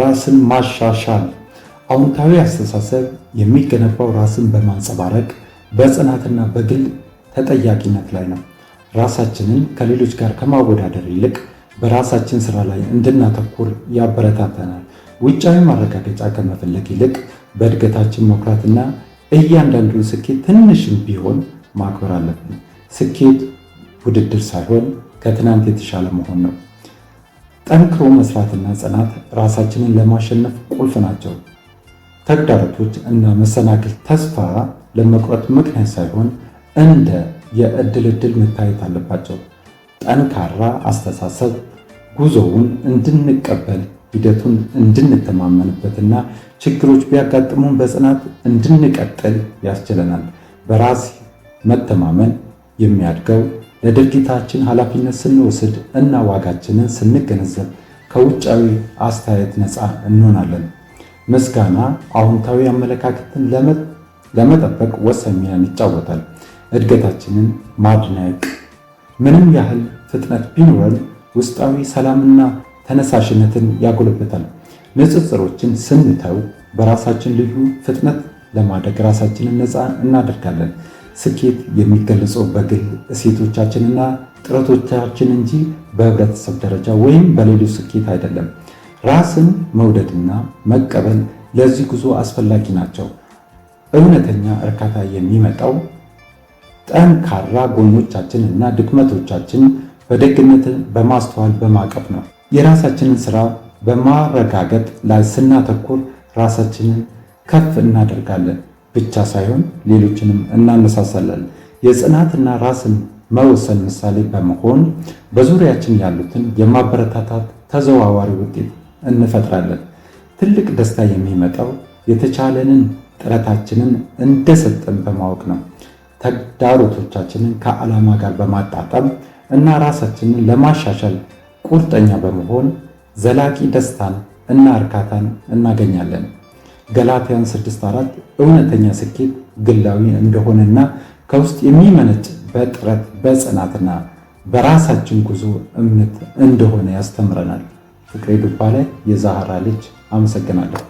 ራስን ማሻሻል አውንታዊ አስተሳሰብ የሚገነባው ራስን በማንጸባረቅ በጽናትና በግል ተጠያቂነት ላይ ነው። ራሳችንን ከሌሎች ጋር ከማወዳደር ይልቅ በራሳችን ስራ ላይ እንድናተኩር ያበረታተናል። ውጫዊ ማረጋገጫ ከመፈለግ ይልቅ በእድገታችን መኩራትና እያንዳንዱን ስኬት ትንሽም ቢሆን ማክበር አለብን። ስኬት ውድድር ሳይሆን ከትናንት የተሻለ መሆን ነው። ጠንክሮ መስራትና ጽናት ራሳችንን ለማሸነፍ ቁልፍ ናቸው። ተግዳሮቶች እና መሰናክል ተስፋ ለመቁረጥ ምክንያት ሳይሆን እንደ የእድል ዕድል መታየት አለባቸው። ጠንካራ አስተሳሰብ ጉዞውን እንድንቀበል ሂደቱን እንድንተማመንበትና ችግሮች ቢያጋጥሙን በጽናት እንድንቀጥል ያስችለናል። በራስ መተማመን የሚያድገው ለድርጊታችን ኃላፊነት ስንወስድ እና ዋጋችንን ስንገነዘብ ከውጫዊ አስተያየት ነፃ እንሆናለን። ምስጋና አዎንታዊ አመለካከትን ለመጠበቅ ወሳኝ ሚናን ይጫወታል። እድገታችንን ማድነቅ ምንም ያህል ፍጥነት ቢኖረን ውስጣዊ ሰላምና ተነሳሽነትን ያጎለበታል። ንጽጽሮችን ስንተው በራሳችን ልዩ ፍጥነት ለማደግ ራሳችንን ነፃ እናደርጋለን። ስኬት የሚገለጸው በግል እሴቶቻችንና ጥረቶቻችን እንጂ በህብረተሰብ ደረጃ ወይም በሌሎች ስኬት አይደለም። ራስን መውደድና መቀበል ለዚህ ጉዞ አስፈላጊ ናቸው። እውነተኛ እርካታ የሚመጣው ጠንካራ ጎኖቻችን እና ድክመቶቻችን በደግነት በማስተዋል በማቀፍ ነው። የራሳችንን ስራ በማረጋገጥ ላይ ስናተኩር ራሳችንን ከፍ እናደርጋለን። ብቻ ሳይሆን ሌሎችንም እናነሳሳለን። የጽናትና ራስን መወሰን ምሳሌ በመሆን በዙሪያችን ያሉትን የማበረታታት ተዘዋዋሪ ውጤት እንፈጥራለን። ትልቅ ደስታ የሚመጣው የተቻለንን ጥረታችንን እንደሰጠን በማወቅ ነው። ተግዳሮቶቻችንን ከዓላማ ጋር በማጣጣም እና ራሳችንን ለማሻሻል ቁርጠኛ በመሆን ዘላቂ ደስታን እና እርካታን እናገኛለን። ገላትያን 6:4 እውነተኛ ስኬት ግላዊ እንደሆነና ከውስጥ የሚመነጭ በጥረት በጽናትና በራሳችን ጉዞ እምነት እንደሆነ ያስተምረናል። ፍቅሬ ዱባ ላይ ልጅ አመሰግናለሁ።